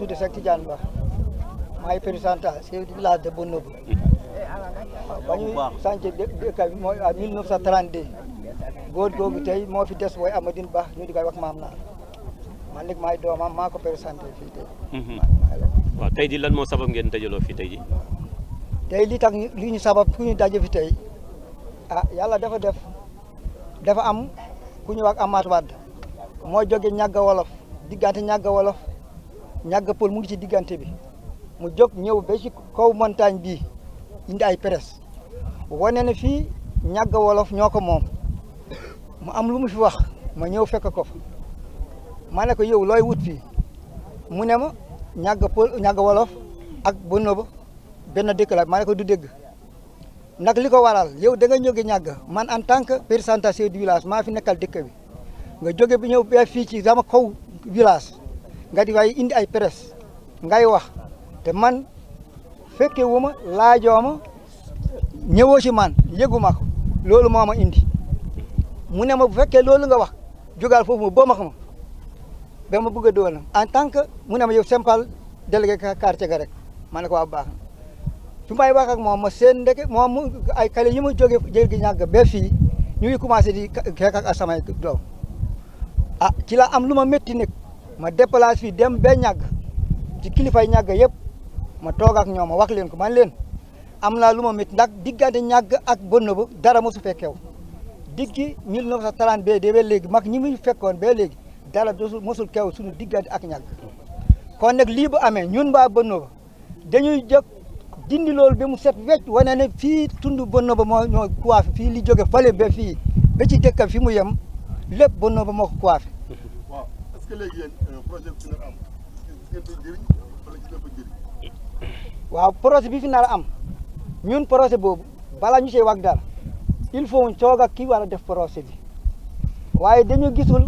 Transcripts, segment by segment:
tudde sakti diane ba maa ngi présentant chef du village de Bonobo bañu sanc dëkk bi mooy à 1932 góor googu tey moo fi des mooy Amadine Ba ñu di koy wax maam naa man nag maay doomam maa ko présenté fii tey waaw tey ji lan moo sabab ngeen dajaloo fii tey ji tey li tax li ñu sabab ku ñu daje fi tey ah yàlla dafa def dafa am ku ñu wax Amath Wade moo jóge ñàgg wolof diggante ñàgg wolof ñàgg pol mu ngi ci diggante bi mu jog ñëw ba ci kaw montagne bi indi ay presse wane na fii ñàgg wolof ñoo ko moom mu am lu mu fi wax ma ñëw fekk ko fa ma ne ko yow looy wut fii mu ne ma ñàgg pël ñàgg wolof ak bënn ba benn dëkk la ma ne ko du dégg nag li ko waral yëw da nga jóge ñàgg man en tant que représentant du village maa fi nekkal dëkk bi nga jóge bi ñëw ba fii ci sama kaw village nga di waaye indi ay presse ngay wax te man fekke wu ma laajoo ma ñëwoo man yëguma ko loolu moo ma indi mu ne ma bu fekkee loolu nga wax jógal foofu ma boo ma xam ba ma bëgg a doon en tant que mu ne ma yow simple délégué quartier ga rek ma ne ko waa baax na su may wax ak moom ma seen ndeke moom mu ay kale yi ma jóge jéggi ñàgg ba fii ñu ngi commencé di xeex ak samay doom ah ci la am lu ma métti ma déplace fii dem ba ñàgg ci kilifay ñàgg yëpp ma toog ak ñoom ma wax leen ko man leen am naa lu ma mit ndax diggante ñàgg ak bënn ba dara mosu fekkew diggi 1930 ba de ba léegi mag ñi muy fekkoon ba léegi dara mosul kew suñu diggante ak ñàgg kon nag lii bu amee ñun ba bënn ba dañuy jóg dindi loolu ba mu set wecc wane ne fii tund bënn ba moo fii li jóge fale ba fii ba ci dëkkam fi mu yem lépp bënn ba moo ko que euh, projet bi fi nar am waaw projet bi fi nar am ñun projet boobu balaa ñu see wax dara il faut ñu toog ak kii war a def projet bi waaye dañu gisul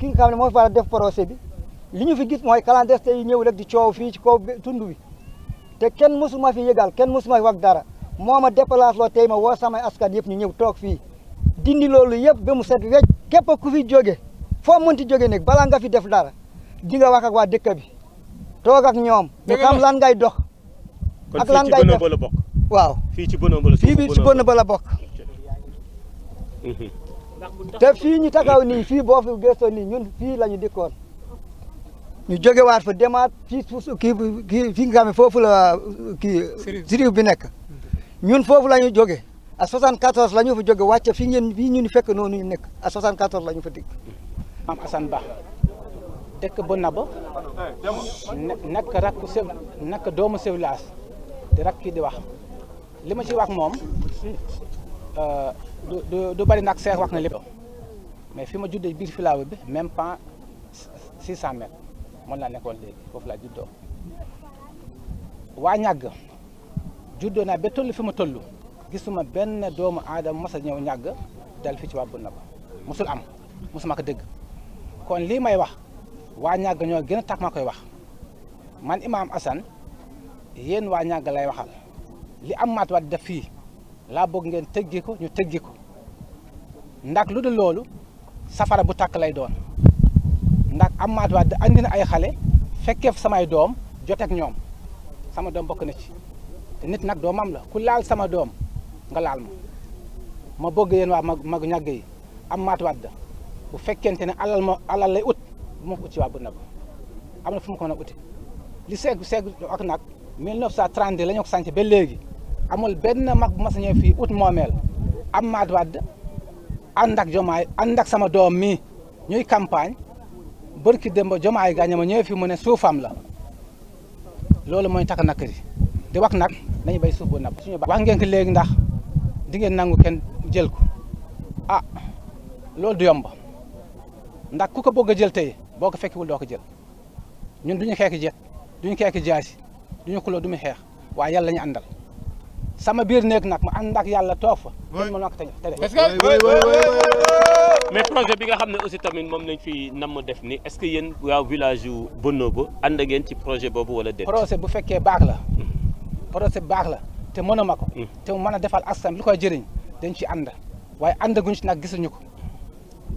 ki nga xam ne moo war a def projet bi li ñu fi gis mooy calendrier yi ñëw rek di coow fii ci kaw tund bi te kenn mësuma fi yëgal kenn mësuma fi wax dara moo ma déplacé loo tey ma woo samay askan yëpp ñu ñëw toog fii dindi loolu yëpp ba mu set wecc képp ku fi joge foo mënti jógee nag balaa nga fi def dara di nga wax ak waa dëkk bi toog ak ñoom. ñu xam lan ngay dox. ak lan ngay dox kon fii ci Bonobo la bokk. waaw fii ci Bonobo la fii ci Bonobo la bokk. te fii ñu taxaw nii fii boo fi gëstoo nii ñun fii la ñu dikkoon ñu jógewaat fa demaat fii suuf kii kii fi nga xam ne foofu la kii. siriw bi nekk ñun foofu la ñu jóge à 74 la ñu fa jóge wàcc fi ngeen fii ñu fekk noonu ñu nekk à 74 la ñu fa dikk. maam Assane Ba dëkk ba Naba nekk rakk chef nekk doomu chef village di rakk kii di wax li ma ci wax moom euh, du du du bari nag seex wax na lépp mais fi ma juddee biir filaaw bi même pas 600 mètres mën laa nekkoon léegi foofu laa juddoo waa ñàgg juddoo naa ba toll fi ma toll gisuma benn doomu aadama ma a ñëw ñàgg dal fi ci waa bu Naba mosul am mosuma ko dégg kon lii may wax waa ñàgg ñoo gën a tax ma koy wax man imaam Assane yéen waa ñàgg lay waxal li am maat wat def fii laa bëgg ngeen tëggi ko ñu tëggi ko ndax lu dul loolu safara bu tàkk lay doon ndax am maat wat andi na ay xale fekkee samay doom joteeg ñoom sama doom bokk na ci te nit nag doomam la ku laal sama doom nga laal ma ma bëgg yéen waa mag mag ñàgg yi am maat wat bu fekkente ne alal ma alal lay ut bu ma ko ut ci waa am na fu ma ko mën a uti li seeg seeg ak nag 1932 la ñu ko sànc ba léegi amul benn mag bu ma sañee fii ut moomeel am maat wadd ànd ak jomaay ànd ak sama doom mi ñuy campagne bërki démb jomaay gaañ ma ñëwee fi mu ne suufam la loolu mooy takk nakk yi de wax nag nañu bay suuf bu napp suñu ngeen ko léegi ndax di ngeen nangu kenn jël ko ah loolu du yomb ndax ku ko bëgg a jël tey boo ko fekkiwul doo ko jël ñun duñu xeeki jet duñu xeeki jaasi duñu xuloo du muy xeex waaye yàlla lañu àndal sama biir néeg nag ma ànd ak yàlla toog fa mën ma ko te mais projet bi nga xam ne aussi tamit moom lañ fi namm def ni est-ce que yéen waa village yu Bonobo ànd ngeen ci projet boobu wala déet bu fekkee baax la mm-hmm. projet baax la te mën a ma ko mm-hmm. te mu mën a defal askan lu koy jëriñ dañ ci ànd waaye ànd guñ ci nag gisuñu ko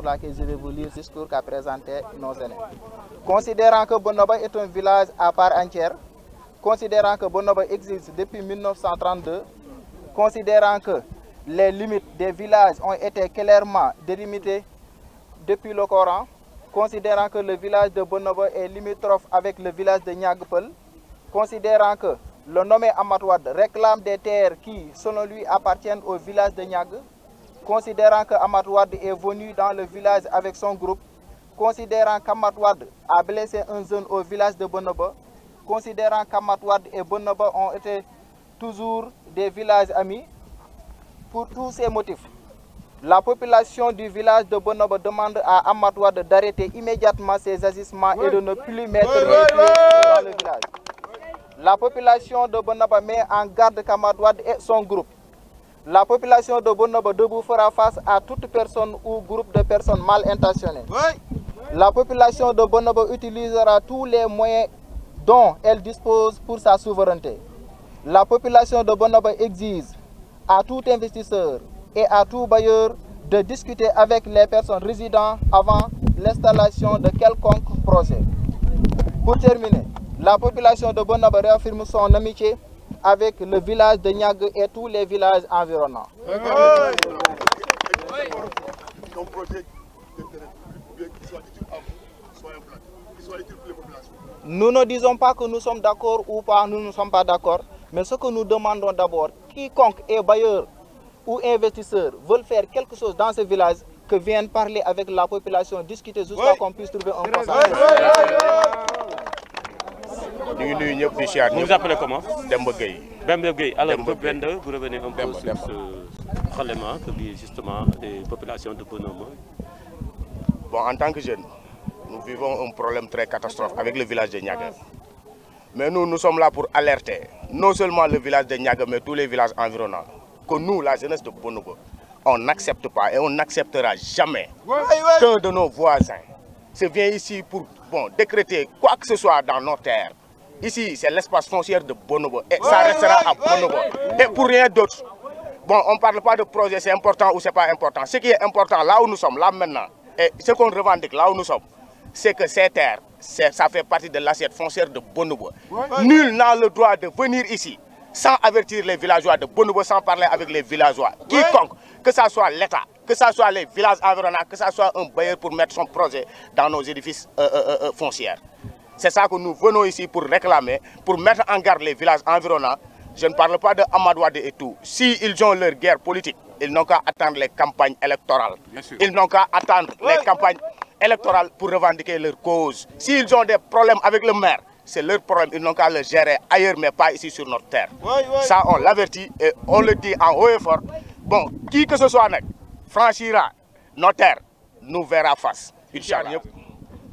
pour laquelle je vais vous lire le discours qu'a présenté nos aînés. Considérant que Bonoba est un village à part entière, considérant que Bonoba existe depuis 1932, considérant que les limites des villages ont été clairement délimitées depuis le Coran, considérant que le village de Bonobo est limitrophe avec le village de Niagpel, considérant que le nommé Amatouad réclame des terres qui, selon lui, appartiennent au village de Niag, Considérant que est venu dans le village avec son groupe, considérant qu'Amadou a blessé un jeune au village de Bonoba, considérant qu'Amadou et Bonobo ont été toujours des villages amis, pour tous ces motifs, la population du village de Bonobo demande à Amadou d'arrêter immédiatement ses agissements et de ne plus mettre le les dans le village. La population de Bonaba met en garde Kamadouad et son groupe la population de Bonobo debout fera face à toute personne ou groupe de personnes mal intentionnées. La population de Bonobo utilisera tous les moyens dont elle dispose pour sa souveraineté. La population de Bonobo exige à tout investisseur et à tout bailleur de discuter avec les personnes résidant avant l'installation de quelconque projet. Pour terminer, la population de Bonobo réaffirme son amitié avec le village de Niague et tous les villages environnants. Nous ne disons pas que nous sommes d'accord ou pas, nous ne sommes pas d'accord. Mais ce que nous demandons d'abord, quiconque est bailleur ou investisseur veut faire quelque chose dans ce village, que vienne parler avec la population, discuter jusqu'à qu'on puisse trouver un consensus. Nous, nous appelez comment Dembegei. alors vous revenez un peu sur ce problème que justement les populations de Bonhomme bon en tant que jeunes, nous vivons un problème très catastrophe avec le village de Niaga mais nous nous sommes là pour alerter non seulement le village de Niaga mais tous les villages environnants que nous la jeunesse de Bonobo on n'accepte pas et on n'acceptera jamais qu'un de nos voisins se vient ici pour bon, décréter quoi que ce soit dans nos terres Ici, c'est l'espace foncière de Bonobo. Et ça restera à Bonobo. Et pour rien d'autre. Bon, on ne parle pas de projet, c'est important ou c'est pas important. Ce qui est important, là où nous sommes, là maintenant, et ce qu'on revendique, là où nous sommes, c'est que ces terres, ça fait partie de l'assiette foncière de Bonobo. Nul n'a le droit de venir ici sans avertir les villageois de Bonobo, sans parler avec les villageois. Quiconque, que ce soit l'État, que ce soit les villages environnants, que ce soit un bailleur pour mettre son projet dans nos édifices euh, euh, euh, foncières. C'est ça que nous venons ici pour réclamer, pour mettre en garde les villages environnants. Je ne parle pas de Amadouade et tout. S'ils ont leur guerre politique, ils n'ont qu'à attendre les campagnes électorales. Ils n'ont qu'à attendre les campagnes électorales pour revendiquer leur cause. S'ils ont des problèmes avec le maire, c'est leur problème. Ils n'ont qu'à le gérer ailleurs, mais pas ici sur notre terre. Ça, on l'avertit et on le dit en haut et fort. Bon, qui que ce soit, franchira nos terres, nous verra face. Inch'Allah.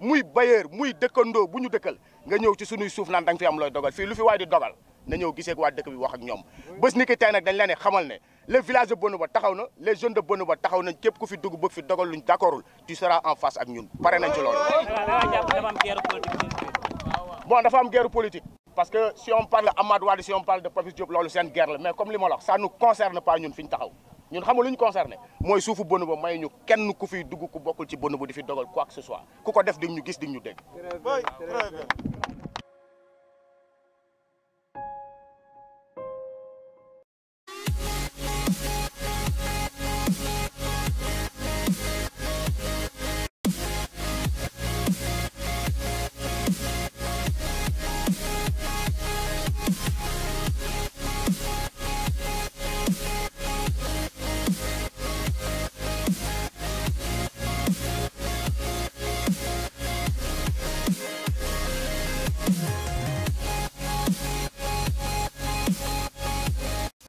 muy bayeur muy dëkkandoo buñu dekkal nga ñew ci sunuy suuf naan da nga fi am loy dogal fi lu fi way di dogal na ñew gisee ak waa dëkk bi wax ak ñom bëss niki tay nak dañ la né xamal né le village de Bonouba taxaw na les jeunes de Bonouba taxaw nañ képp ku fi dugg bëgg fi dogal luñ d'accordul tu seras en face ak ñun paré nañ ci loolu bon dafa am guerre politique parce que si on parle Amadou Wade si on parle de Papis Diop loolu seen guerre mais comme li ma wax ça nous concerne pas ñun fiñ taxaw ñun xamul luñu ñu concerné mooy suufu bënn ba may ñu kenn ku fi dugg ku bokul ci bënn bu di fi dogal quoi que ce soit ku ko def di ñu gis di ñu dégg